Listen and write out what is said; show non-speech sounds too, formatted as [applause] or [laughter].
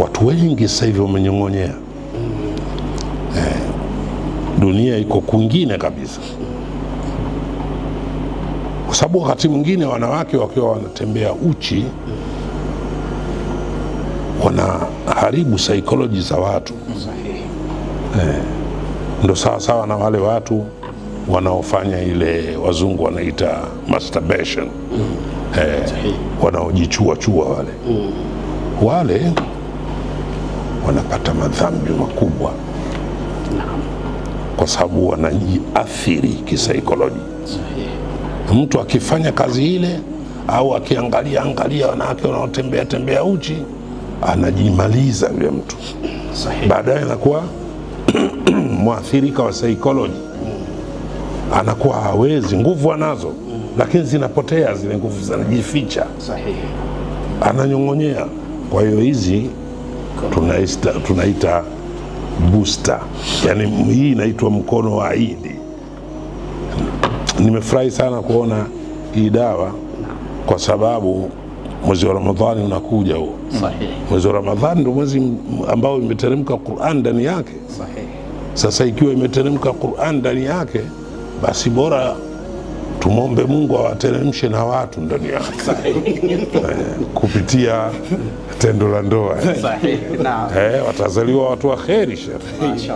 Watu wengi sasa hivi wamenyong'onyea eh, dunia iko kwingine kabisa, kwa sababu wakati mwingine wanawake wakiwa wanatembea uchi wanaharibu saikoloji za watu eh, ndo sawasawa na wale watu wanaofanya ile wazungu wanaita masturbation mm. eh, wanaojichua chua wale mm. wale wanapata madhambi makubwa, kwa sababu wanajiathiri kisaikoloji Mtu akifanya kazi ile au akiangalia angalia wanawake wanaotembea tembea uchi, anajimaliza yule mtu, baadaye anakuwa [clears throat] mwathirika wa saikoloji anakuwa hawezi. Nguvu anazo lakini zinapotea zile nguvu, zinajificha, ananyong'onyea. Kwa hiyo hizi tunaita, tunaita booster. Yani hii inaitwa mkono wa Idi. Nimefurahi sana kuona hii dawa kwa sababu mwezi wa Ramadhani unakuja huo. Sahihi. Mwezi wa Ramadhani ndio mwezi ambao imeteremka Qur'an ndani yake. Sahihi. Sasa ikiwa imeteremka Qur'an ndani yake, basi bora tumwombe Mungu awateremshe na watu ndani yake eh, kupitia tendo la ndoa eh, watazaliwa watu wa kheri shekhe.